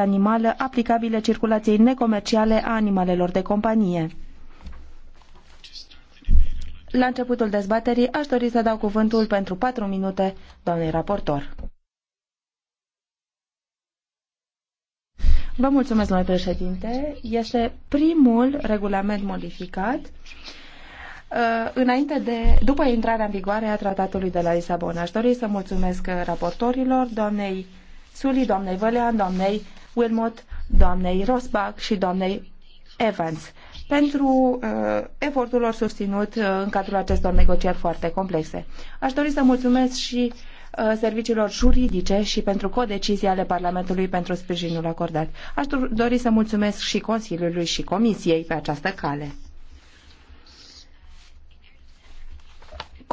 animală aplicabile circulației necomerciale a animalelor de companie. La începutul dezbaterii aș dori să dau cuvântul pentru patru minute doamnei raportor. Vă mulțumesc, domnule președinte. Este primul regulament modificat uh, înainte de, după intrarea în vigoare a tratatului de la Lisabona. Aș dori să mulțumesc raportorilor, doamnei Suli, doamnei Vălean, doamnei Wilmot, doamnei Rosbach și doamnei Evans pentru uh, efortul lor susținut uh, în cadrul acestor negocieri foarte complexe. Aș dori să mulțumesc și uh, serviciilor juridice și pentru codecizia ale Parlamentului pentru sprijinul acordat. Aș dori să mulțumesc și Consiliului și Comisiei pe această cale.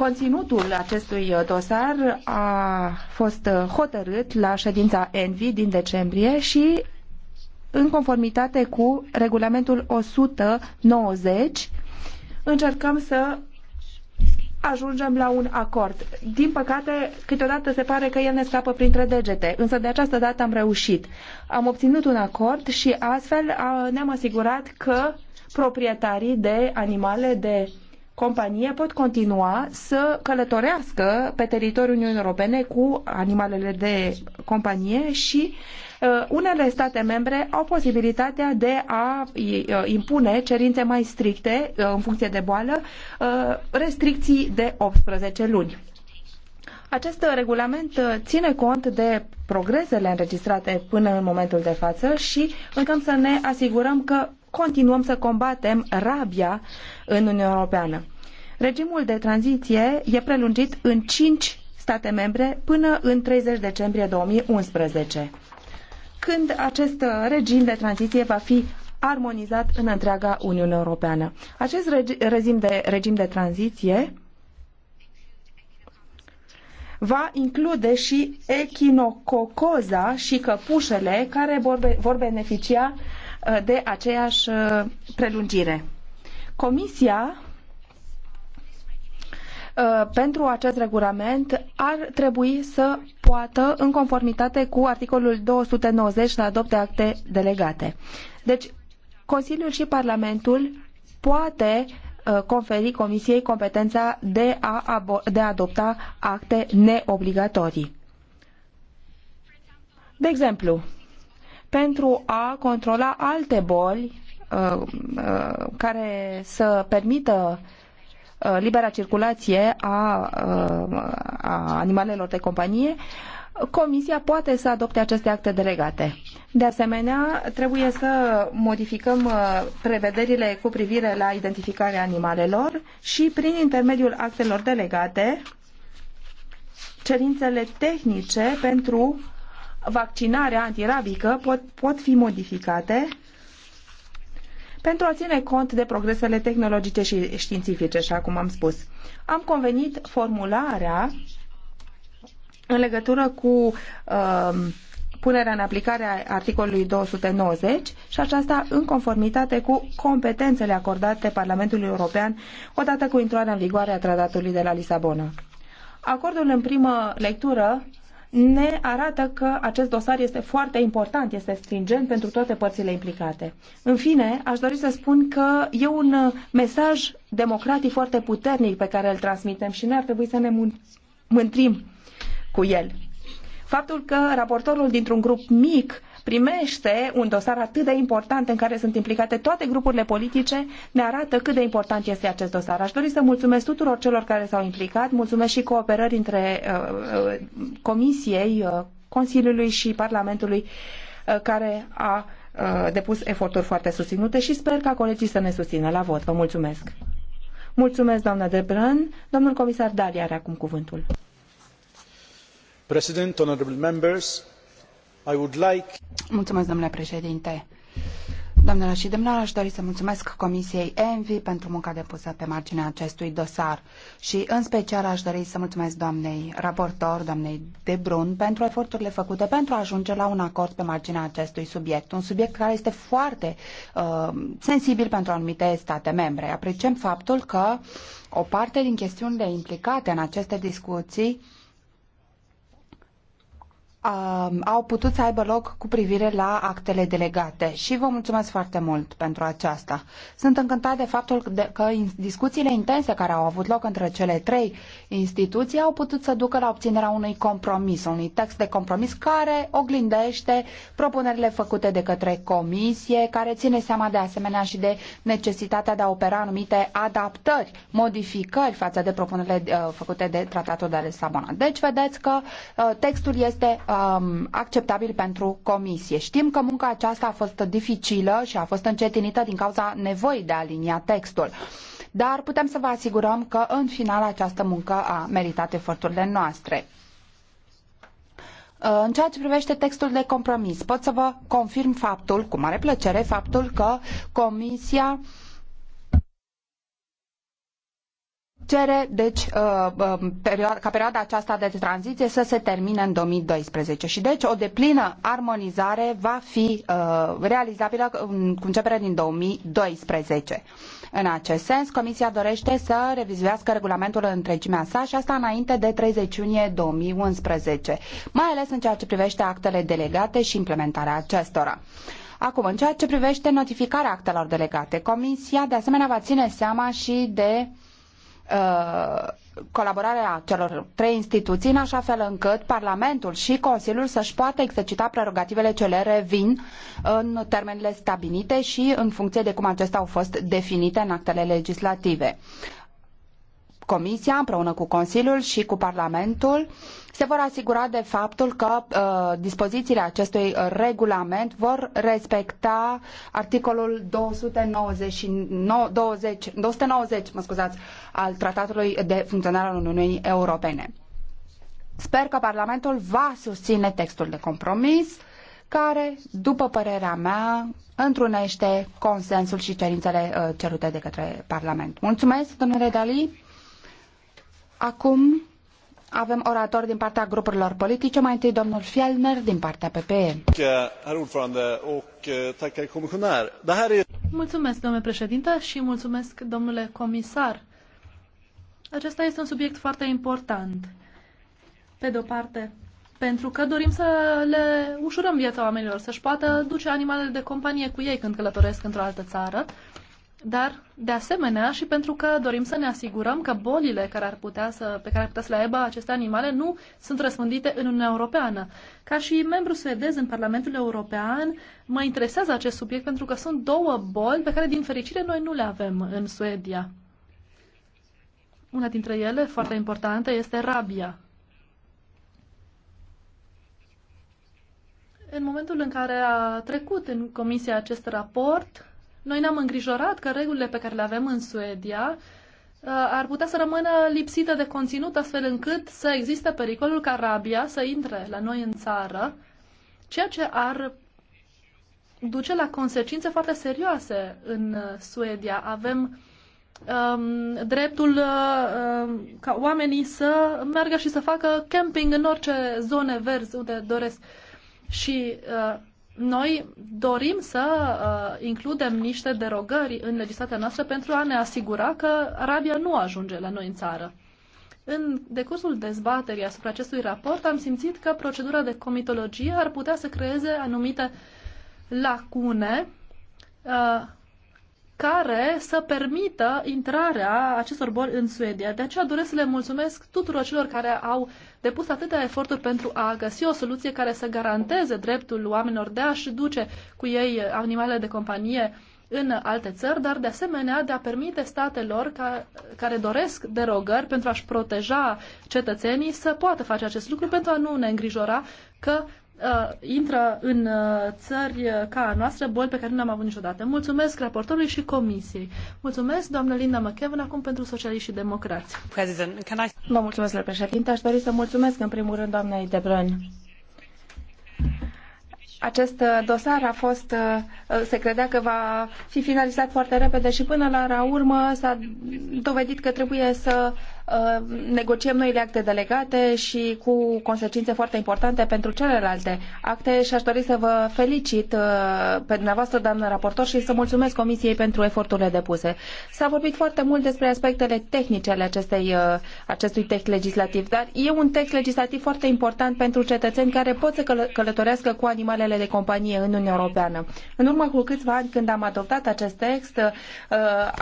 Conținutul acestui uh, dosar a fost uh, hotărât la ședința ENVI din decembrie și în conformitate cu regulamentul 190 încercăm să ajungem la un acord. Din păcate, câteodată se pare că el ne scapă printre degete, însă de această dată am reușit. Am obținut un acord și astfel uh, ne-am asigurat că proprietarii de animale de companie pot continua să călătorească pe teritoriul Uniunii Europene cu animalele de companie și uh, unele state membre au posibilitatea de a uh, impune cerințe mai stricte uh, în funcție de boală, restricții de 18 luni. Acest regulament ține cont de progresele înregistrate până în momentul de față și încercăm să ne asigurăm că continuăm să combatem rabia în Uniunea Europeană. Regimul de tranziție e prelungit în cinci state membre până în 30 decembrie 2011, când acest regim de tranziție va fi armonizat în întreaga Uniune Europeană. Acest regim de, regim de tranziție va include și echinococoza și căpușele care vor beneficia uh, de aceeași uh, prelungire. Comisia uh, pentru acest regulament ar trebui să poată, în conformitate cu articolul 290, să adopte acte delegate. Deci, Consiliul și Parlamentul poate uh, conferi Comisiei competența de a, de a adopta acte neobligatorii. De exemplu, pentru a controla alte boli Uh, uh, care să permită uh, libera circulație a, a animalelor de companie, Comisia poate să adopte aceste acte delegate. De asemenea, trebuie să modificăm prevederile cu privire la identificarea animalelor și prin intermediul actelor delegate cerințele tehnice pentru vaccinarea antirabică pot, pot fi modificate pentru a ține cont de progresele tehnologice și științifice, așa cum am spus. Am convenit formularea în legătură cu uh, punerea în aplicare a articolului 290 și aceasta în conformitate cu competențele acordate Parlamentului European odată cu intrarea în vigoare a Tratatului de la Lisabona. Acordul în primă lectură ne arată că acest dosar este foarte important, este stringent pentru toate părțile implicate. În fine, aș dori să spun că e un mesaj democratic foarte puternic pe care îl transmitem și noi ar trebui să ne mântrim cu el. Faptul că raportorul dintr-un grup mic primește un dosar atât de important în care sunt implicate toate grupurile politice, ne arată cât de important este acest dosar. Aș dori să mulțumesc tuturor celor care s-au implicat, mulțumesc și cooperării între uh, uh Comisiei, uh, Consiliului și Parlamentului uh, care a uh, depus eforturi foarte susținute și sper ca colegii să ne susțină la vot. Vă mulțumesc! Mulțumesc, doamna Debrân. Domnul comisar Dali are acum cuvântul. President, honorable members, Mulțumesc, domnule președinte. Doamnelor și domnilor, aș dori să mulțumesc Comisiei ENVI pentru munca depusă pe marginea acestui dosar și în special aș dori să mulțumesc doamnei raportor, doamnei De Brun, pentru eforturile făcute pentru a ajunge la un acord pe marginea acestui subiect, un subiect care este foarte uh, sensibil pentru anumite state membre. Apreciem faptul că o parte din chestiunile implicate în aceste discuții Um, au putut să aibă loc cu privire la actele delegate și vă mulțumesc foarte mult pentru aceasta. Sunt încântat de faptul că discuțiile intense care au avut loc între cele trei instituții au putut să ducă la obținerea unui compromis, unui text de compromis care oglindește propunerile făcute de către comisie, care ține seama de asemenea și de necesitatea de a opera anumite adaptări, modificări față de propunerile uh, făcute de Tratatul de Lisabona. Deci vedeți că uh, textul este uh, um, acceptabil pentru comisie. Știm că munca aceasta a fost dificilă și a fost încetinită din cauza nevoii de a alinia textul, dar putem să vă asigurăm că în final această muncă a meritat eforturile noastre. Uh, în ceea ce privește textul de compromis, pot să vă confirm faptul, cu mare plăcere, faptul că Comisia uh, Cere, deci, uh, uh, ca perioada aceasta de tranziție să se termine în 2012 și, deci, o deplină armonizare va fi uh, realizabilă cu începere din 2012. În acest sens, Comisia dorește să revizuiască regulamentul în întregimea sa și asta înainte de 30 iunie 2011, mai ales în ceea ce privește actele delegate și implementarea acestora. Acum, în ceea ce privește notificarea actelor delegate, Comisia de asemenea va ține seama și de uh, Uh, colaborarea celor trei instituții în așa fel încât Parlamentul și Consiliul să-și poată exercita prerogativele ce le revin în termenele stabilite și în funcție de cum acestea au fost definite în actele legislative. Comisia împreună cu Consiliul și cu Parlamentul se vor asigura de faptul că uh, dispozițiile acestui uh, regulament vor respecta articolul 299, 290 mă scuzați, al Tratatului de Funcționare al Uniunii Europene. Sper că Parlamentul va susține textul de compromis care, după părerea mea, întrunește consensul și cerințele uh, cerute de către Parlament. Mulțumesc, domnule Dali. Acum avem orator din partea grupurilor politice, mai întâi domnul Fjellner din partea PPE. Eh, mulțumesc, domnule președinte, și mulțumesc, domnule comisar. Acesta este un subiect foarte important. Pe de o parte, pentru că dorim să le ușurăm viața oamenilor, să-și poată duce animalele de companie cu ei când călătoresc într-o altă țară dar de asemenea și pentru că dorim să ne asigurăm că bolile care ar putea să, pe care ar putea să le aibă aceste animale nu sunt răspândite în Uniunea Europeană. Ca și membru suedez în Parlamentul European, mă interesează acest subiect pentru că sunt două boli pe care, din fericire, noi nu le avem în Suedia. Una dintre ele, foarte importantă, este rabia. În momentul în care a trecut în comisie acest raport, noi ne-am îngrijorat că regulile pe care le avem în Suedia uh, ar putea să rămână lipsite de conținut, astfel încât să existe pericolul ca rabia să intre la noi în țară, ceea ce ar duce la consecințe foarte serioase în uh, Suedia. Avem um, dreptul uh, um, ca oamenii să meargă și să facă camping în orice zone verzi unde doresc. Și uh, noi dorim să uh, includem niște derogări în legislația noastră pentru a ne asigura că Arabia nu ajunge la noi în țară. În decursul dezbaterii asupra acestui raport am simțit că procedura de comitologie ar putea să creeze anumite lacune uh, care să permită intrarea acestor boli în Suedia. De aceea doresc să le mulțumesc tuturor celor care au depus atâtea eforturi pentru a găsi o soluție care să garanteze dreptul oamenilor de a-și duce cu ei animalele de companie în alte țări, dar de asemenea de a permite statelor ca, care doresc derogări pentru a-și proteja cetățenii să poată face acest lucru pentru a nu ne îngrijora că uh, intră în uh, țări uh, ca a noastră boli pe care nu le-am avut niciodată. Mulțumesc raportorului și comisiei. Mulțumesc, doamnă Linda McKevin, acum pentru socialiști și democrați. President, I... Vă mulțumesc, domnule președinte. Aș dori să mulțumesc în primul rând doamnei Debrân. Acest uh, dosar a fost, uh, se credea că va fi finalizat foarte repede și până la urmă s-a dovedit că trebuie să Uh, negociem noile acte delegate și cu consecințe foarte importante pentru celelalte acte și aș dori să vă felicit uh, pe dumneavoastră, doamnă raportor, și să mulțumesc Comisiei pentru eforturile depuse. S-a vorbit foarte mult despre aspectele tehnice ale acestei, uh, acestui text legislativ, dar e un text legislativ foarte important pentru cetățeni care pot să călătorească cu animalele de companie în Uniunea Europeană. În urmă cu câțiva ani, când am adoptat acest text,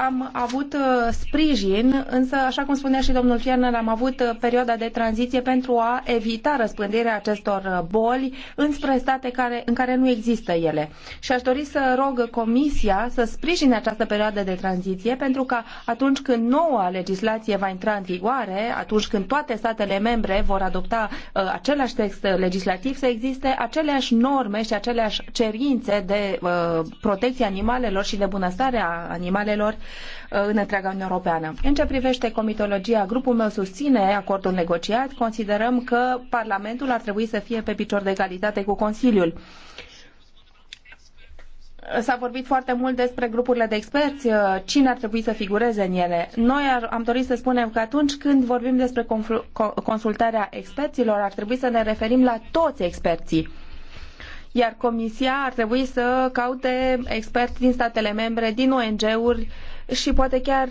am avut sprijin, însă, așa cum spunea și domnul Fierner, am avut uh, perioada de tranziție pentru a evita răspândirea acestor uh, boli înspre state care, în care nu există ele. Și aș dori să rog Comisia să sprijine această perioadă de tranziție pentru că atunci când noua legislație va intra în vigoare, atunci când toate statele membre vor adopta uh, același text legislativ, să existe aceleași norme și aceleași cerințe de uh, protecție animalelor și de bunăstare a animalelor uh, în întreaga Uniune Europeană. În ce privește comitologia aceea grupul meu susține acordul negociat. Considerăm că Parlamentul ar trebui să fie pe picior de egalitate cu Consiliul. S-a vorbit foarte mult despre grupurile de experți, uh, cine ar trebui să figureze în ele. Noi am dorit să spunem că atunci când vorbim despre consultarea experților, ar trebui să ne referim la toți experții iar Comisia ar trebui să caute experți din statele membre, din ONG-uri și poate chiar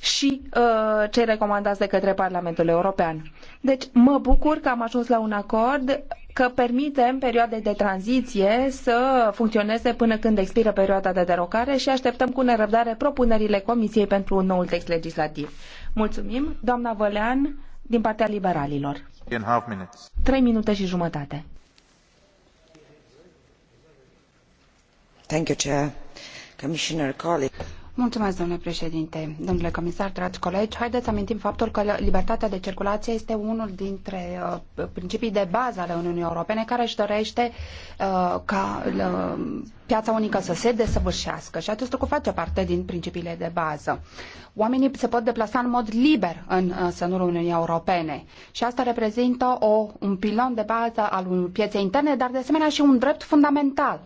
și uh, cei recomandați de către Parlamentul European. Deci mă bucur că am ajuns la un acord că în perioade de tranziție să funcționeze până când expiră perioada de derocare și așteptăm cu nerăbdare propunerile Comisiei pentru noul text legislativ. Mulțumim, doamna Vălean, din partea liberalilor. Trei minute și jumătate. Thank you, Chair. Commissioner, colleague. Mulțumesc, domnule președinte. Domnule comisar, dragi colegi, haideți să amintim faptul că libertatea de circulație este unul dintre uh, principii de bază ale Uniunii Europene care își dorește uh, ca uh, piața unică să se desăvârșească și acest lucru face parte din principiile de bază. Oamenii se pot deplasa în mod liber în uh, sânul Uniunii Europene și asta reprezintă o, un pilon de bază al pieței interne, dar de asemenea și un drept fundamental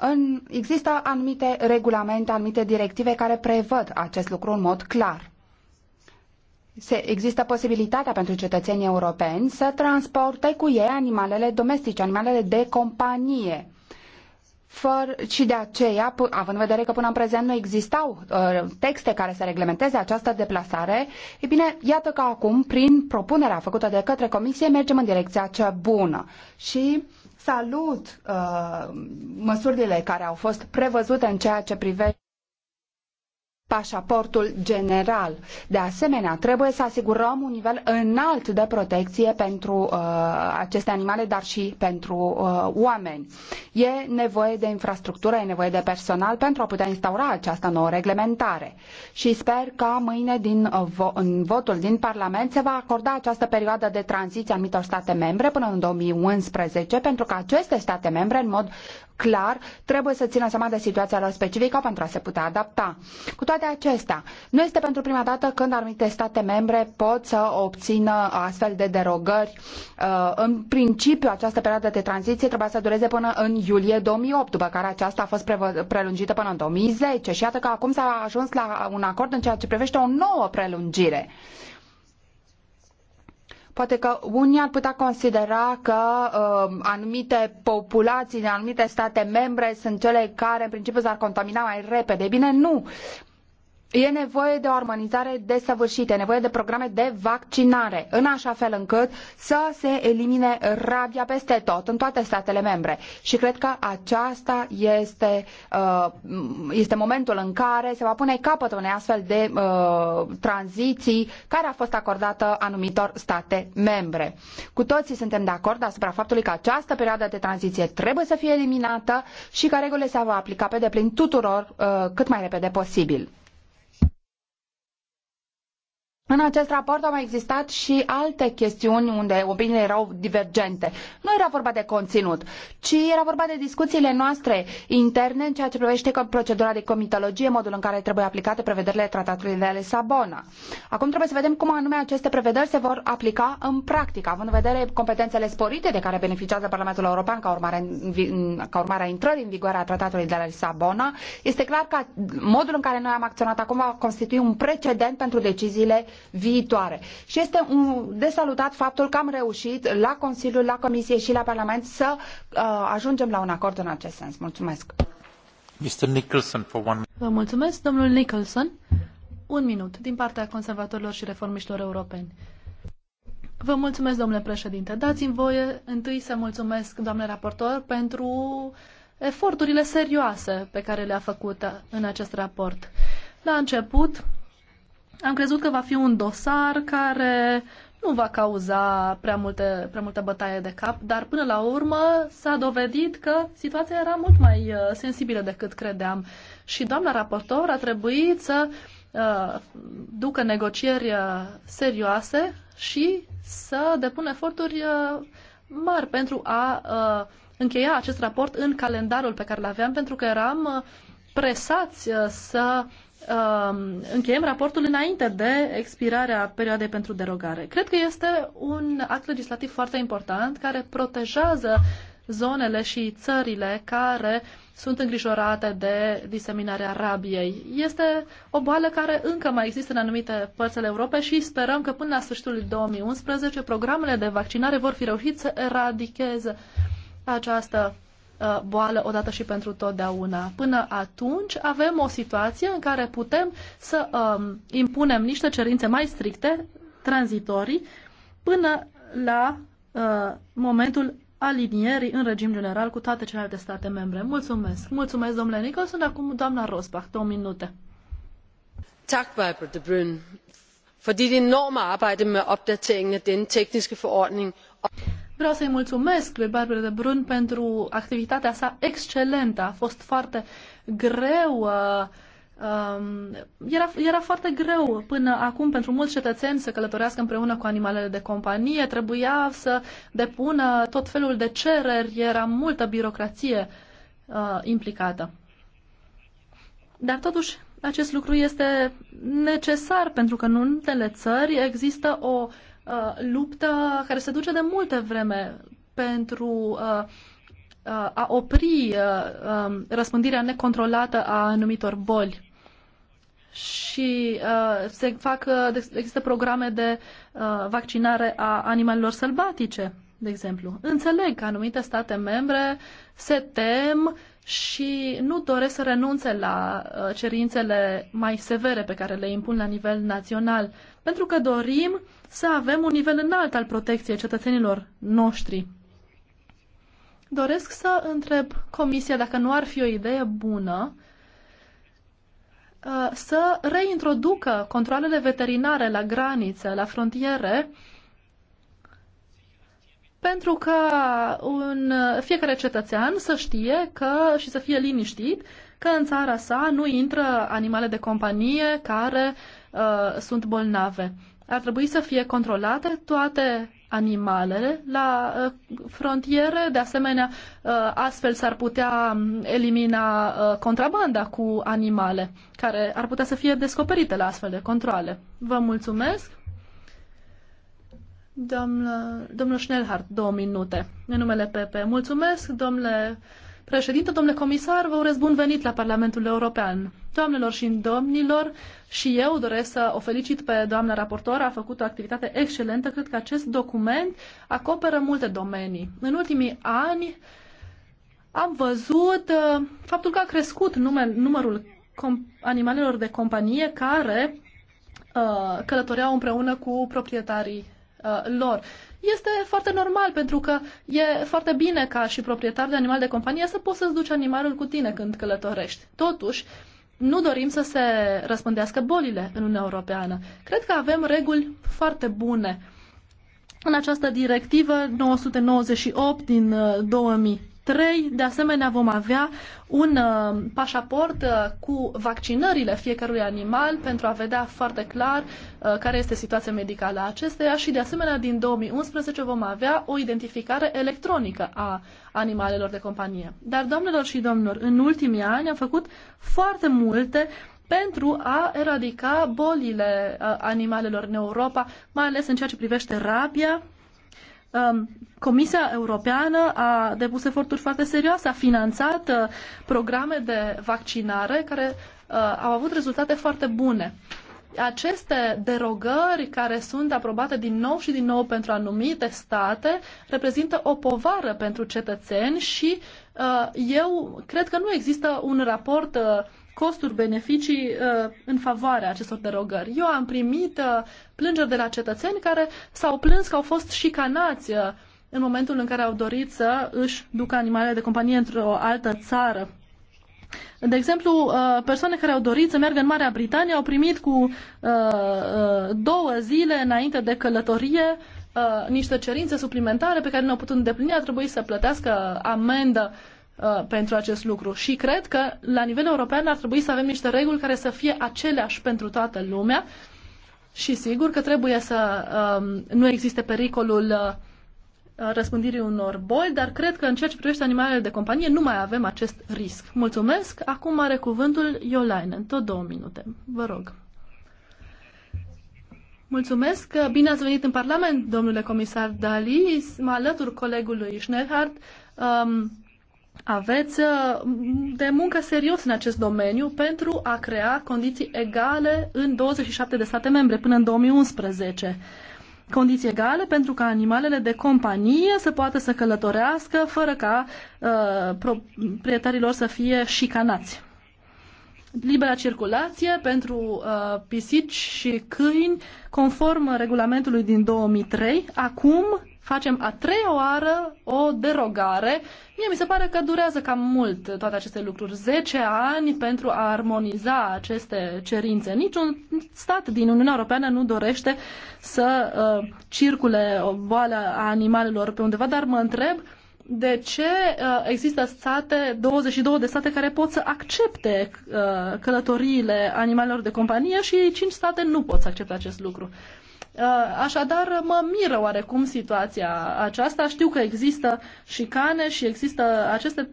în, există anumite regulamente, anumite directive care prevăd acest lucru în mod clar. Se, există posibilitatea pentru cetățenii europeni să transporte cu ei animalele domestice, animalele de companie. Făr, și de aceea, având în vedere că până în prezent nu existau uh, texte care să reglementeze această deplasare, e bine, iată că acum, prin propunerea făcută de către Comisie, mergem în direcția cea bună. Și Salut uh, măsurile care au fost prevăzute în ceea ce privește pașaportul general. De asemenea, trebuie să asigurăm un nivel înalt de protecție pentru uh, aceste animale, dar și pentru uh, oameni. E nevoie de infrastructură, e nevoie de personal pentru a putea instaura această nouă reglementare. Și sper că mâine din, uh, vo în votul din Parlament se va acorda această perioadă de tranziție a anumitor state membre până în 2011, pentru că aceste state membre, în mod clar, trebuie să țină seama de situația lor specifică pentru a se putea adapta. Cu toate toate acestea, nu este pentru prima dată când anumite state membre pot să obțină astfel de derogări. Uh, în principiu, această perioadă de tranziție trebuia să dureze până în iulie 2008, după care aceasta a fost prelungită până în 2010 și iată că acum s-a ajuns la un acord în ceea ce privește o nouă prelungire. Poate că unii ar putea considera că uh, anumite populații din anumite state membre sunt cele care în principiu s-ar contamina mai repede. Bine, nu. E nevoie de o armonizare desăvârșită, e nevoie de programe de vaccinare, în așa fel încât să se elimine rabia peste tot, în toate statele membre. Și cred că aceasta este, uh, este momentul în care se va pune capăt unei astfel de uh, tranziții care a fost acordată anumitor state membre. Cu toții suntem de acord asupra faptului că această perioadă de tranziție trebuie să fie eliminată și că regulile se vor aplica pe deplin tuturor uh, cât mai repede posibil. În acest raport au mai existat și alte chestiuni unde opiniile erau divergente. Nu era vorba de conținut, ci era vorba de discuțiile noastre interne în ceea ce privește procedura de comitologie, modul în care trebuie aplicate prevederile tratatului de Lisabona. Acum trebuie să vedem cum anume aceste prevederi se vor aplica în practică, având în vedere competențele sporite de care beneficiază Parlamentul European ca urmare, ca urmare a intrării în vigoare a tratatului de la Lisabona. Este clar că modul în care noi am acționat acum va constitui un precedent pentru deciziile viitoare. Și este un desalutat faptul că am reușit la Consiliul, la Comisie și la Parlament să uh, ajungem la un acord în acest sens. Mulțumesc! Mr. Nicholson, for one... Vă mulțumesc, domnul Nicholson. Un minut, din partea conservatorilor și reformiștilor europeni. Vă mulțumesc, domnule președinte. Dați-mi voie întâi să mulțumesc, doamne raportor, pentru eforturile serioase pe care le-a făcut în acest raport. La început, am crezut că va fi un dosar care nu va cauza prea, multe, prea multă bătaie de cap, dar până la urmă s-a dovedit că situația era mult mai uh, sensibilă decât credeam. Și doamna raportor a trebuit să uh, ducă negocieri uh, serioase și să depună eforturi uh, mari pentru a uh, încheia acest raport în calendarul pe care l aveam, pentru că eram uh, presați să Ehm, încheiem raportul înainte de expirarea perioadei pentru derogare. Cred că este un act legislativ foarte important care protejează zonele și țările care sunt îngrijorate de diseminarea rabiei. Este o boală care încă mai există în anumite părți ale Europei și sperăm că până la sfârșitul 2011 programele de vaccinare vor fi reușit să eradicheze această Uh, boală odată și pentru totdeauna. Până atunci avem o situație în care putem să um, impunem niște cerințe mai stricte, tranzitorii, până la uh, momentul alinierii în regim general cu toate celelalte state membre. Mulțumesc! Mulțumesc, domnule Sunt Acum, doamna Rosbach, două minute. Tak, Barbara de Brun. Fordi dit er enorme arbejde med opdateringen af denne tekniske forordning. Uh, Vreau să-i mulțumesc lui Barbara de Brun pentru activitatea sa excelentă. A fost foarte greu. Uh, um, era, era foarte greu până acum pentru mulți cetățeni să călătorească împreună cu animalele de companie. Trebuia să depună tot felul de cereri. Era multă birocrație uh, implicată. Dar totuși, acest lucru este necesar pentru că în unele țări există o uh, Uh, luptă care se duce de multe vreme pentru uh, uh, a opri um, răspândirea necontrolată a anumitor boli. Și se fac, există programe de vaccinare a animalelor sălbatice, de exemplu. Înțeleg că anumite state membre se tem și nu doresc să renunțe la cerințele mai severe pe care le impun la nivel național pentru că dorim să avem un nivel înalt al protecției cetățenilor noștri. Doresc să întreb Comisia dacă nu ar fi o idee bună uh, să reintroducă controlele veterinare la granițe, la frontiere, pentru ca un, fiecare cetățean să știe că, și să fie liniștit că în țara sa nu intră animale de companie care Uh, sunt bolnave. Ar trebui să fie controlate toate animalele la uh, frontiere. De asemenea, uh, astfel s-ar putea um, elimina contrabanda cu animale, care ar putea să fie descoperite la astfel de controle. Vă mulțumesc! domnul Schnellhardt, două minute. În numele PP. Mulțumesc, domnule președinte, domnule comisar, vă urez bun venit la Parlamentul European. Doamnelor și domnilor, și eu doresc să o felicit pe doamna raportor, a făcut o activitate excelentă. Cred că acest document acoperă multe domenii. În ultimii ani am văzut uh, faptul că a crescut numel, numărul animalelor de companie care uh, călătoreau împreună cu proprietarii Uh, lor. Este foarte normal pentru că e foarte bine ca și proprietar de animal de companie să poți să-ți duci animalul cu tine când călătorești. Totuși, nu dorim să se răspândească bolile în Uniunea Europeană. Cred că avem reguli foarte bune în această directivă 998 din 2000 uh, 3. De asemenea, vom avea un uh, pașaport uh, cu vaccinările fiecărui animal pentru a vedea foarte clar uh, care este situația medicală a acesteia și, de asemenea, din 2011 vom avea o identificare electronică a animalelor de companie. Dar, doamnelor și domnilor, în ultimii ani am făcut foarte multe pentru a eradica bolile uh, animalelor în Europa, mai ales în ceea ce privește rabia, Um, Comisia Europeană a depus eforturi foarte serioase, a finanțat uh, programe de vaccinare care uh, au avut rezultate foarte bune. Aceste derogări care sunt aprobate din nou și din nou pentru anumite state reprezintă o povară pentru cetățeni și uh, eu cred că nu există un raport costuri-beneficii uh, în favoarea acestor derogări. Eu am primit uh, plângeri de la cetățeni care s-au plâns că au fost șicanați uh, în momentul în care au dorit să își ducă animalele de companie într-o altă țară. De exemplu, persoane care au dorit să meargă în Marea Britanie au primit cu două zile înainte de călătorie niște cerințe suplimentare pe care nu au putut îndeplini, a trebuit să plătească amendă uh, Uh, pentru acest lucru. Și cred că la nivel european ar trebui să avem niște reguli care să fie aceleași pentru toată lumea și sigur că trebuie să um, nu existe pericolul uh, răspândirii unor boli, dar cred că în ceea ce privește animalele de companie nu mai avem acest risc. Mulțumesc. Acum are cuvântul Iolainen. Tot două minute. Vă rog. Mulțumesc. Bine ați venit în Parlament, domnule comisar Dali. Mă alătur colegului Schnellhardt. Um, aveți uh, de muncă serios în acest domeniu pentru a crea condiții egale în 27 de state membre până în 2011. Condiții egale pentru ca animalele de companie să poată să călătorească fără ca uh, proprietarilor să fie șicanați. Libera circulație pentru uh, pisici și câini, conform regulamentului din 2003, acum facem a treia oară o derogare. Mie mi se pare că durează cam mult toate aceste lucruri. 10 ani pentru a armoniza aceste cerințe. Niciun stat din Uniunea Europeană nu dorește să uh, circule o boală a animalelor pe undeva, dar mă întreb de ce uh, există state, 22 de state care pot să accepte uh, călătoriile animalelor de companie și 5 state nu pot să accepte acest lucru. Uh, așadar, mă miră oarecum situația aceasta. Știu că există șicane și există aceste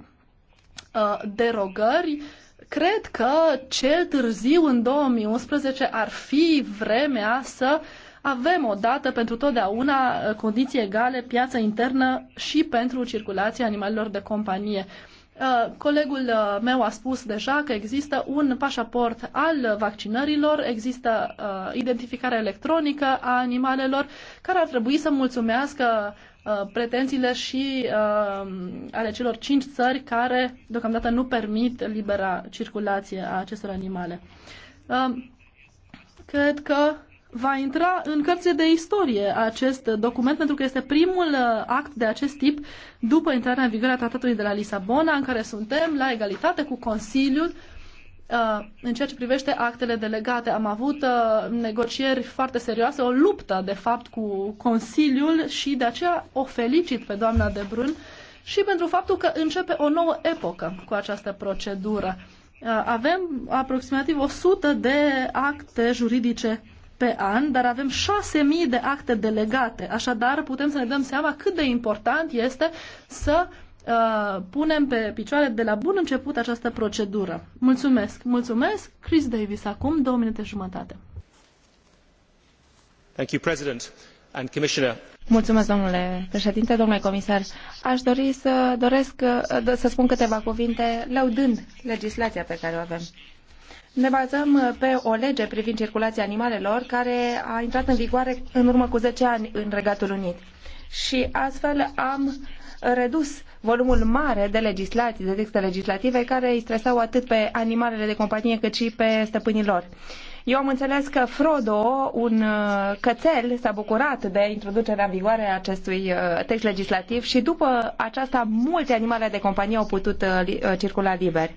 uh, derogări. Cred că cel târziu în 2011 ar fi vremea să avem o dată pentru totdeauna uh, condiții egale, piața internă și pentru circulația animalelor de companie. Uh, Uh, colegul uh, meu a spus deja că există un pașaport al vaccinărilor, există uh, identificare electronică a animalelor care ar trebui să mulțumească pretențiile și ale celor cinci țări care deocamdată nu permit libera circulație a acestor animale. Cred că va intra în cărțile de istorie acest document, pentru că este primul uh, act de acest tip după intrarea în vigoare a Tratatului de la Lisabona, în care suntem la egalitate cu Consiliul uh, în ceea ce privește actele delegate. Am avut uh, negocieri foarte serioase, o luptă, de fapt, cu Consiliul și de aceea o felicit pe doamna de Brun și pentru faptul că începe o nouă epocă cu această procedură. Avem aproximativ 100 de acte juridice pe an, dar avem 6.000 de acte delegate. Așadar, putem să ne dăm seama cât de important este să uh, punem pe picioare de la bun început această procedură. Mulțumesc! Mulțumesc! Chris Davis, acum două minute și jumătate. Thank you, President and Commissioner. Mulțumesc, domnule președinte, domnule comisar. Aș dori să doresc să spun câteva cuvinte laudând legislația pe care o avem ne bazăm uh, pe o lege privind circulația animalelor care a intrat în vigoare în urmă cu 10 ani în Regatul Unit. Și astfel am redus volumul mare de legislații, de texte legislative care îi stresau atât pe animalele de companie cât și pe stăpânii lor. Eu am înțeles că Frodo, un uh, cățel, s-a bucurat de introducerea în vigoare a acestui uh, text legislativ și după aceasta multe animale de companie au putut circula liber.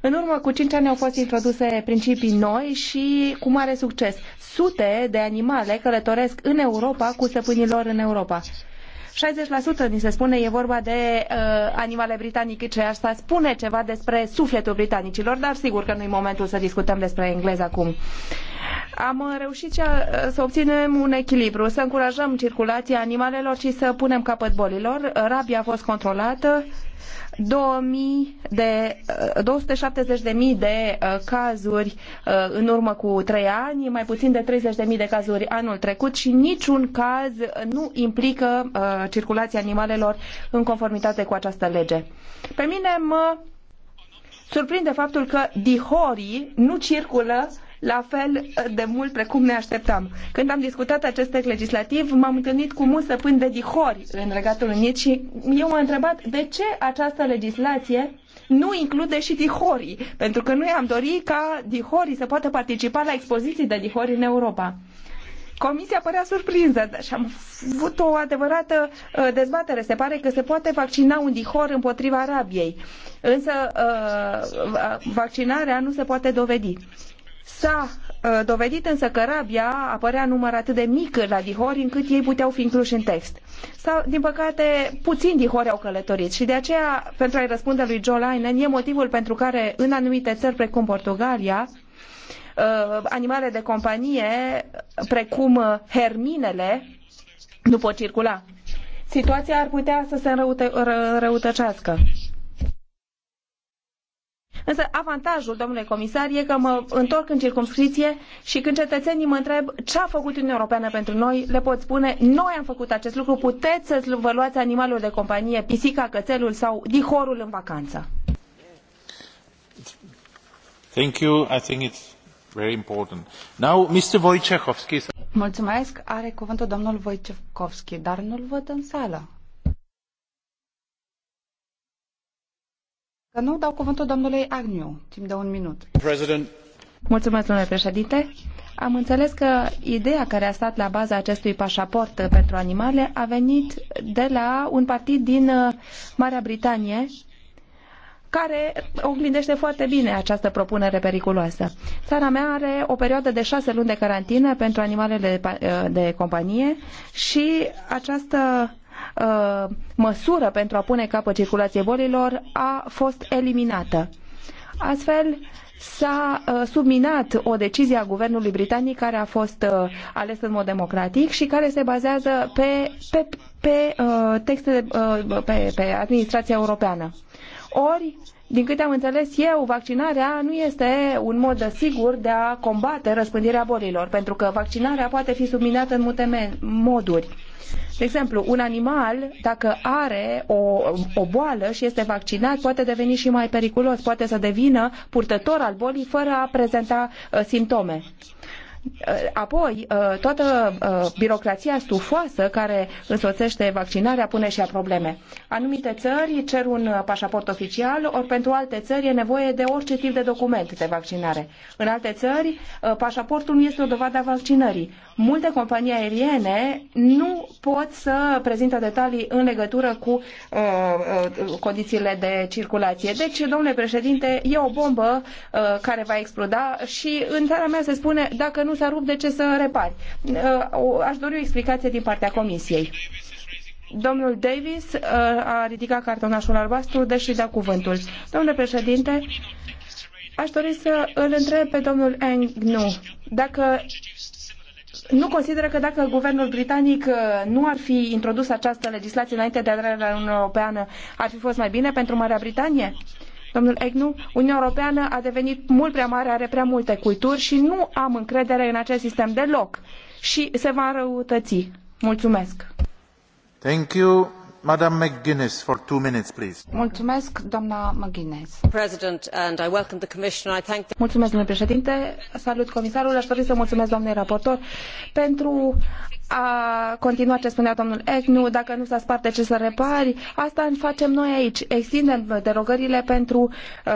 În urmă cu 5 ani au fost introduse principii noi și cu mare succes. Sute de animale călătoresc în Europa cu săpânilor în Europa. 60% ni se spune e vorba de uh, animale britanice. Asta spune ceva despre sufletul britanicilor, dar sigur că nu-i momentul să discutăm despre engleză acum. Am reușit să obținem un echilibru, să încurajăm circulația animalelor și să punem capăt bolilor. Rabia a fost controlată, 2000 de, 270.000 uh, de uh, cazuri uh, în urmă cu 3 ani, mai puțin de 30.000 de cazuri anul trecut și niciun caz nu implică circulația animalelor în conformitate cu această lege. Pe mine mă surprinde faptul că dihorii nu circulă la fel de mult precum ne așteptam. Când am discutat acest text legislativ, m-am întâlnit cu mulți săpând de dihori în Regatul Unit și eu m-am întrebat de ce această legislație nu include și dihorii, pentru că noi am dorit ca dihorii să poată participa la expoziții de dihori în Europa. Comisia părea surprinsă și am avut o adevărată uh, dezbatere. Se pare că se poate vaccina un dihor împotriva Arabiei, însă uh, vaccinarea nu se poate dovedi. S-a uh, dovedit însă că rabia apărea număr atât de mic la dihori încât ei puteau fi incluși în text. Sau, din păcate, puțini dihori au călătorit și de aceea, pentru a-i răspunde lui Joe Linen, e motivul pentru care în anumite țări precum Portugalia, uh, animale de companie precum uh, herminele nu pot circula. Situația ar putea să se înrăută, Însă avantajul, domnule comisar, e că mă întorc în circumscripție și când cetățenii mă întreb ce a făcut Uniunea Europeană pentru noi, le pot spune noi am făcut acest lucru, puteți să vă luați animalul de companie, pisica, cățelul sau dihorul în vacanță. Thank you. I think it's very important. Now, Mr. Wojciechowski. Mulțumesc. Are cuvântul domnul Wojciechowski, dar nu-l văd în sală. nu dau cuvântul domnului timp de un minut. Mulțumesc, președinte. Am înțeles că ideea care a stat la baza acestui pașaport pentru animale a venit de la un partid din uh, Marea Britanie care oglindește foarte bine această propunere periculoasă. Țara mea are o perioadă de șase luni de carantină pentru animalele de, uh, de companie și această Uh, măsură pentru a pune capăt circulației bolilor a fost eliminată. Astfel, s-a uh, subminat o decizie a guvernului britanic care a fost uh, ales în mod democratic și care se bazează pe, pe, pe texte, pe, pe administrația europeană. Ori, din câte am înțeles eu, vaccinarea nu este un mod sigur de a combate răspândirea bolilor, pentru că vaccinarea poate fi subminată în multe moduri de exemplu, un animal, dacă are o, o boală și este vaccinat, poate deveni și mai periculos, poate să devină purtător al bolii fără a prezenta uh, simptome. Uh, apoi, uh, toată uh, birocrația stufoasă care însoțește vaccinarea pune și a probleme. Anumite țări cer un pașaport oficial, ori pentru alte țări e nevoie de orice tip de document de vaccinare. În alte țări, pașaportul nu este o dovadă a vaccinării. Multe companii aeriene nu pot să prezintă detalii în legătură cu condițiile de circulație. Deci, domnule președinte, e o bombă care va exploda și în țara mea se spune dacă nu s-a rupt, de ce să repari? Uh, aș dori o explicație din partea Comisiei. Domnul Davis uh, a ridicat cartonașul albastru, deși da cuvântul. Domnule președinte, aș dori să îl întreb pe domnul Engnu dacă nu consideră că dacă guvernul britanic uh, nu ar fi introdus această legislație înainte de aderarea Uniunii Europeană, ar fi fost mai bine pentru Marea Britanie? Uh, Domnul Egnu, Uniunea Europeană a devenit mult prea mare, are prea multe culturi și nu am încredere în acest sistem deloc și se va înrăutăți. Mulțumesc. Thank you. Madam McGuinness, for two minutes, please. Mulțumesc, doamna McGuinness. President, and I welcome the Commissioner. I thank the... Mulțumesc, domnule președinte. Salut comisarul. Aș dori să mulțumesc doamnei raportor pentru a continuat ce spunea domnul Egnu dacă nu s-a spart de ce să repari, asta facem noi aici. Extindem derogările pentru uh,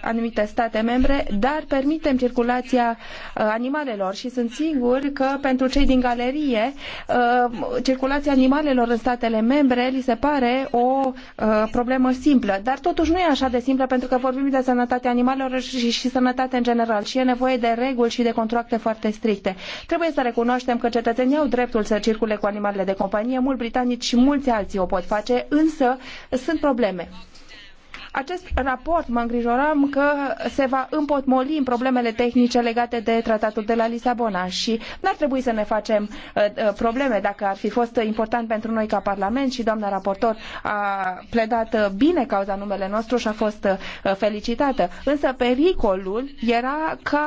anumite state membre, dar permitem circulația uh, animalelor și sunt sigur că pentru cei din galerie, uh, circulația animalelor în statele membre li se pare o uh, problemă simplă, dar totuși nu e așa de simplă pentru că vorbim de sănătatea animalelor și, și sănătate în general și e nevoie de reguli și de contracte foarte stricte. Trebuie să recunoaștem că cetățenii au dreptul să circule cu animalele de companie, mulți britanici și mulți alții o pot face, însă sunt probleme. Acest raport mă îngrijoram că se va împotmoli în problemele tehnice legate de tratatul de la Lisabona și n-ar trebui să ne facem uh, uh, probleme dacă ar fi fost important pentru noi ca Parlament și doamna raportor a pledat uh, bine cauza numele nostru și a fost felicitată. Însă pericolul era că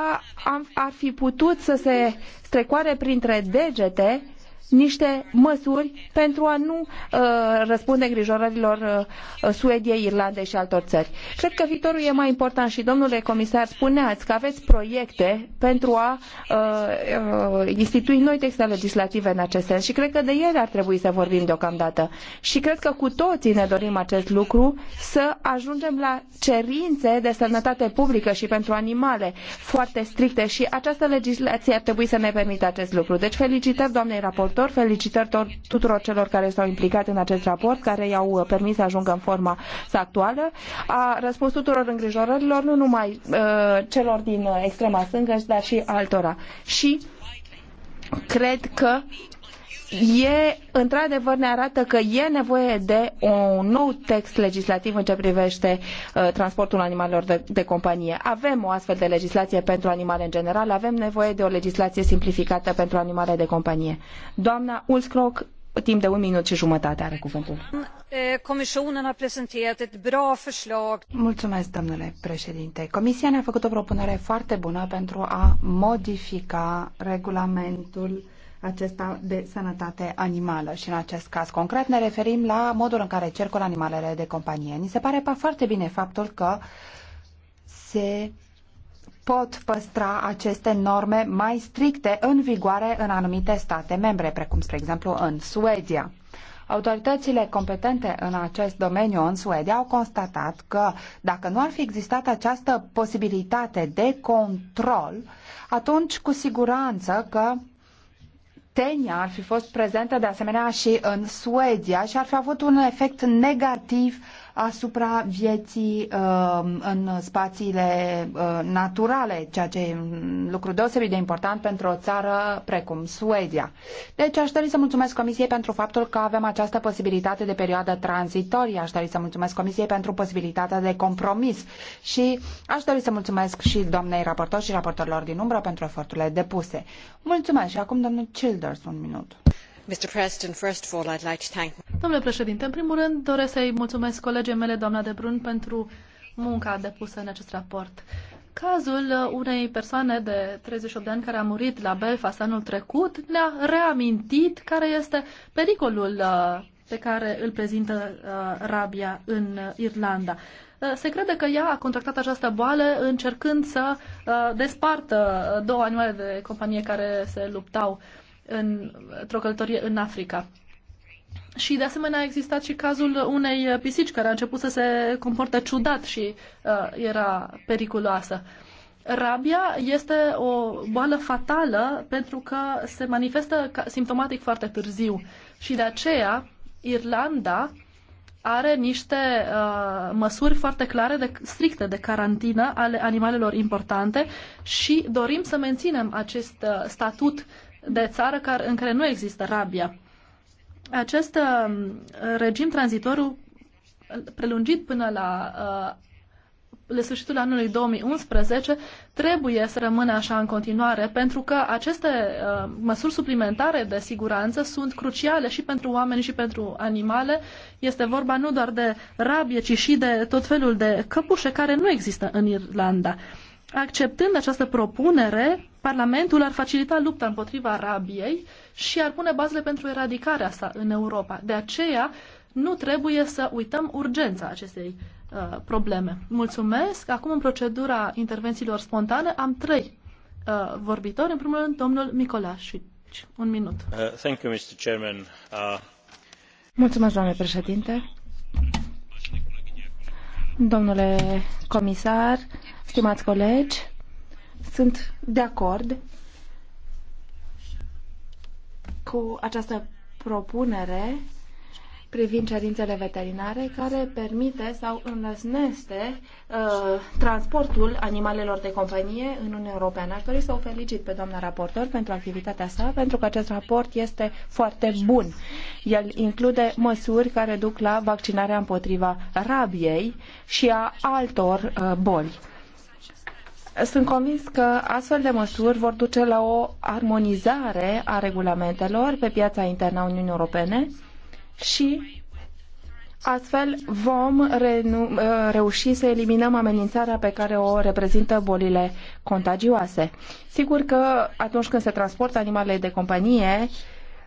am, ar fi putut să se strecoare printre degete niște măsuri pentru a nu uh, răspunde îngrijorărilor uh, Suediei, Irlandei și altor țări. Cred că viitorul e mai important și, domnule comisar, spuneați că aveți proiecte pentru a uh, uh institui noi texte legislative în acest sens și cred că de ele ar trebui să vorbim deocamdată. Și cred că cu toții ne dorim acest lucru să ajungem la cerințe de sănătate publică și pentru animale foarte stricte și această legislație ar trebui să ne permită acest lucru. Deci felicitări doamnei raport raportor, felicitări tuturor celor care s-au implicat în acest raport, care i-au uh, permis să ajungă în forma sa actuală. A răspuns tuturor îngrijorărilor, nu numai uh, celor din uh, extrema stângă, dar și altora. Și cred că e, într-adevăr, ne arată că e nevoie de un nou text legislativ în ce privește uh, transportul animalelor de, de, companie. Avem o astfel de legislație pentru animale în general, avem nevoie de o legislație simplificată pentru animale de companie. Doamna Ulskroc, timp de un minut și jumătate are cuvântul. Comisiunea eh, a prezentat un bra Mulțumesc, domnule președinte. Comisia ne-a făcut o propunere foarte bună pentru a modifica regulamentul acesta de sănătate animală și în acest caz concret ne referim la modul în care circulă animalele de companie. Ni se pare foarte bine faptul că se pot păstra aceste norme mai stricte în vigoare în anumite state membre, precum, spre exemplu, în Suedia. Autoritățile competente în acest domeniu în Suedia au constatat că dacă nu ar fi existat această posibilitate de control, atunci cu siguranță că Tenia ar fi fost prezentă de asemenea și în Suedia și ar fi avut un efect negativ asupra vieții um, în spațiile uh, naturale, ceea ce e un lucru deosebit de important pentru o țară precum Suedia. Deci aș dori să mulțumesc Comisiei pentru faptul că avem această posibilitate de perioadă tranzitorie, aș dori să mulțumesc Comisiei pentru posibilitatea de compromis și aș dori să mulțumesc și doamnei raportor și raportorilor din umbră pentru eforturile depuse. Mulțumesc și acum domnul Childers un minut. Domnule președinte, în primul rând doresc să îi mulțumesc colegii mele, doamna De brn pentru munca depusă în acest raport. Cazul uh, unei persoane de 38 de ani care a murit la Belfast anul trecut ne-a reamintit care este pericolul uh, pe care îl prezintă uh, rabia în Irlanda. Se crede că ea a contractat această boală încercând să despartă două animale de companie care se luptau în, într-o călătorie în Africa. Și de asemenea a existat și cazul unei pisici care a început să se comporte ciudat și uh, era periculoasă. Rabia este o boală fatală pentru că se manifestă simptomatic foarte târziu și de aceea Irlanda are niște uh, măsuri foarte clare, de, stricte de carantină ale animalelor importante și dorim să menținem acest uh, statut de țară care, în care nu există rabia. Acest uh, regim tranzitoriu uh, prelungit până la uh, sfârșitul anului 2011 trebuie să rămână așa în continuare pentru că aceste uh, măsuri suplimentare de siguranță sunt cruciale și pentru oameni și pentru animale. Este vorba nu doar de rabie, ci și de tot felul de căpușe care nu există în Irlanda. Uh, acceptând această propunere, Parlamentul ar facilita lupta împotriva rabiei și ar pune bazele pentru eradicarea sa în Europa. De aceea, nu trebuie să uităm urgența acestei uh, probleme. Mulțumesc. Acum, în procedura intervențiilor spontane, am trei uh, vorbitori. În primul rând, domnul Micolașic. Un minut. Uh, thank you, Mr. Chairman. Uh... Mulțumesc, doamne președinte. Domnule comisar, uh, Stimați colegi, sunt de acord cu această propunere privind cerințele veterinare care permite sau înlăsneste uh, transportul animalelor de companie în Uniunea Europeană. Aș dori să o felicit pe doamna raportor pentru activitatea sa, pentru că acest raport este foarte bun. El include măsuri care duc la vaccinarea împotriva rabiei și a altor uh, boli sunt convins că astfel de măsuri vor duce la o armonizare a regulamentelor pe piața internă a Uniunii Europene și astfel vom uh, reuși să eliminăm amenințarea pe care o reprezintă bolile contagioase. Sigur că atunci când se transportă animalele de companie,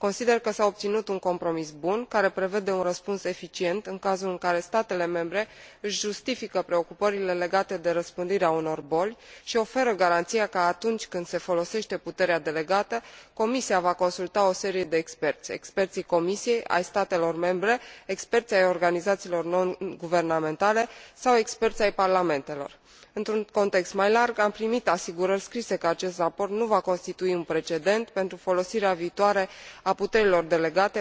consider că s a obinut un compromis bun care prevede un răspuns eficient în cazul în care statele membre îi justifică preocupările legate de răspândirea unor boli i oferă garania că atunci când se folosete puterea delegată comisia va consulta o serie de experi experii comisiei ai statelor membre experi ai organizaiilor non guvernamentale sau experi ai parlamentelor într un context mai larg am primit asigurări scrise că acest raport nu va constitui un precedent pentru folosirea viitoare a puterilor delegate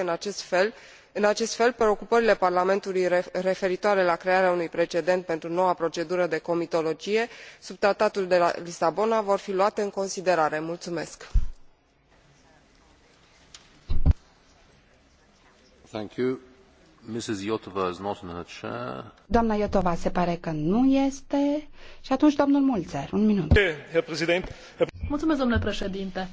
în acest fel preocupările parlamentului referitoare la crearea unui precedent pentru noua procedură de comitologie sub tratatul de la lisabona vor fi luate în considerare. mulumesc. Mrs. Iotova Doamna Iotova se pare că nu este și atunci domnul Mulțer, un minut. Mulțumesc, domnule președinte.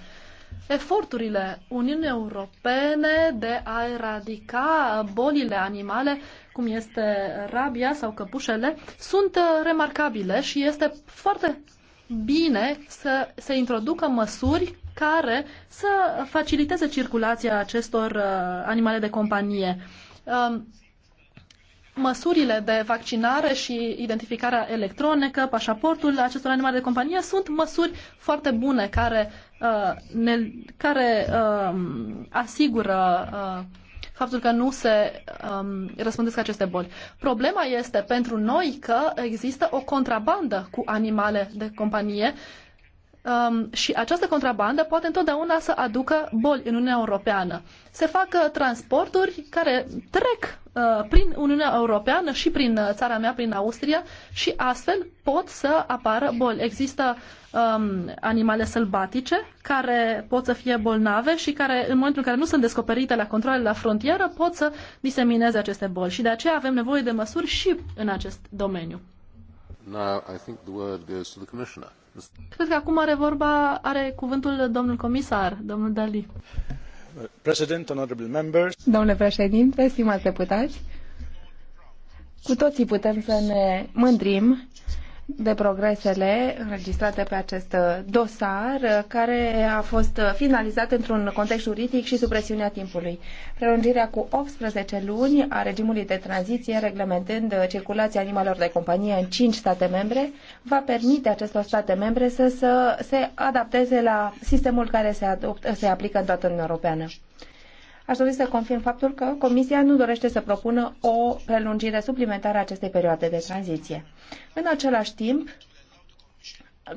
Eforturile Uniunii Europene de a eradica bolile animale, cum este rabia sau căpușele, sunt remarcabile și este foarte bine să se introducă măsuri care să faciliteze circulația acestor uh, animale de companie Um, măsurile de vaccinare și identificarea electronică, pașaportul acestor animale de companie sunt măsuri foarte bune care, uh, ne, care uh, asigură uh, faptul că nu se um, răspândesc aceste boli. Problema este pentru noi că există o contrabandă cu animale de companie Um, și această contrabandă poate întotdeauna să aducă boli în Uniunea Europeană. Se fac uh, transporturi care trec uh, prin Uniunea Europeană și prin uh, țara mea, prin Austria, și astfel pot să apară boli. Există um, animale sălbatice care pot să fie bolnave și care, în momentul în care nu sunt descoperite la controle la frontieră, pot să disemineze aceste boli. Și de aceea avem nevoie de măsuri și în acest domeniu. Now, I think the word goes to the commissioner. Cred că acum are vorba, are cuvântul domnul comisar, domnul Dali. President, honorable members. Domnule președinte, stimați deputați, cu toții putem să ne mândrim de progresele înregistrate pe acest uh, dosar, uh, care a fost uh, finalizat într-un context juridic și sub presiunea timpului. Prelungirea cu 18 luni a regimului de tranziție, reglementând circulația animalelor de companie în 5 state membre, va permite acestor state membre să, să se adapteze la sistemul care se, adopt, se aplică în toată Uniunea Europeană. Aș dori să confirm faptul că Comisia nu dorește să propună o prelungire suplimentară a acestei perioade de tranziție. În același timp,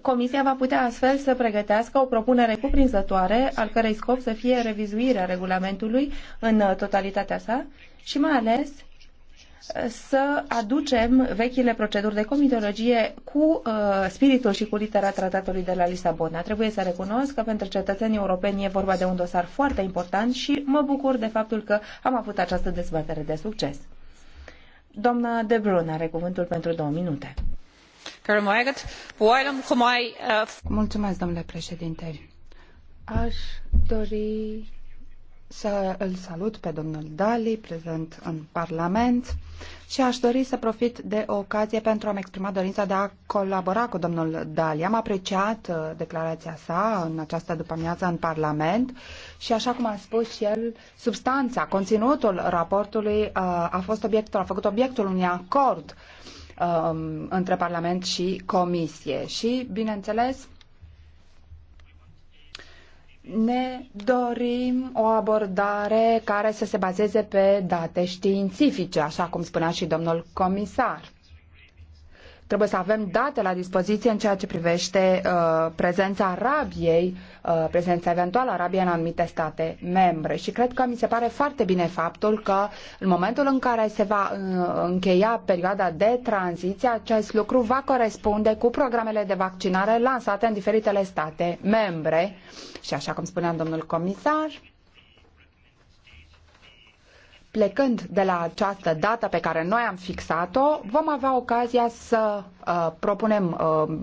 Comisia va putea astfel să pregătească o propunere cuprinzătoare, al cărei scop să fie revizuirea regulamentului în totalitatea sa și mai ales să aducem vechile proceduri de comitologie cu uh, spiritul și cu litera tratatului de la Lisabona. Trebuie să recunosc că pentru cetățenii europeni e vorba de un dosar foarte important și mă bucur de faptul că am avut această dezbatere de succes. Doamna De Brun are cuvântul pentru două minute. Mulțumesc, domnule președinte. Aș dori să îl salut pe domnul Dali, prezent în Parlament, și aș dori să profit de ocazie pentru a-mi exprima dorința de a colabora cu domnul Dali. Am apreciat uh, declarația sa în această după-amiază în Parlament și, așa cum a spus și el, substanța, conținutul raportului uh, a, fost obiectul, a făcut obiectul unui acord um, între Parlament și Comisie. Și, bineînțeles, ne dorim o abordare care să se bazeze pe date științifice, așa cum spunea și domnul comisar. Trebuie să avem date la dispoziție în ceea ce privește uh, prezența Arabiei, uh, prezența eventuală a Arabiei în anumite state membre. Și cred că mi se pare foarte bine faptul că în momentul în care se va uh, încheia perioada de tranziție, acest lucru va corespunde cu programele de vaccinare lansate în diferitele state membre. Și așa cum spunea domnul comisar, plecând de la această dată pe care noi am fixat-o, vom avea ocazia să uh, propunem uh,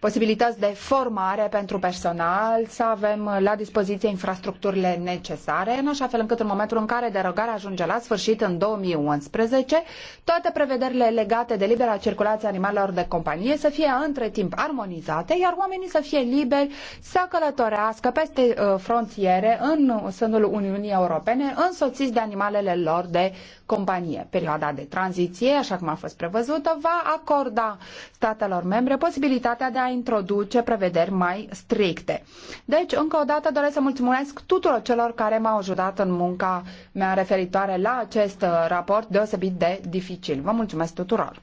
posibilități de formare pentru personal, să avem uh, la dispoziție infrastructurile necesare, în așa fel încât în momentul în care derogarea ajunge la sfârșit în 2011, toate prevederile legate de libera circulație animalelor de companie să fie între timp armonizate, iar oamenii să fie liberi să călătorească peste uh, frontiere în sânul Uniunii Europene, însoțiți de animalele lor de companie. Perioada de tranziție, așa cum a fost prevăzută, va acorda statelor membre posibilitatea de a introduce prevederi mai stricte. Deci, încă o dată doresc să mulțumesc tuturor celor care m-au ajutat în munca mea referitoare la acest uh, raport deosebit de dificil. Vă mulțumesc tuturor!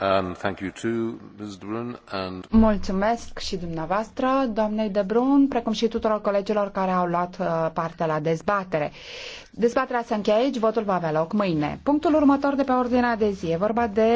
And um, thank you too, Ms. De Brun, and... Mulțumesc și dumneavoastră, doamnei De Brun, precum și tuturor colegilor care au luat uh, parte la dezbatere. Dezbaterea se încheie aici, votul va avea loc mâine. Punctul următor de pe ordinea de zi e vorba de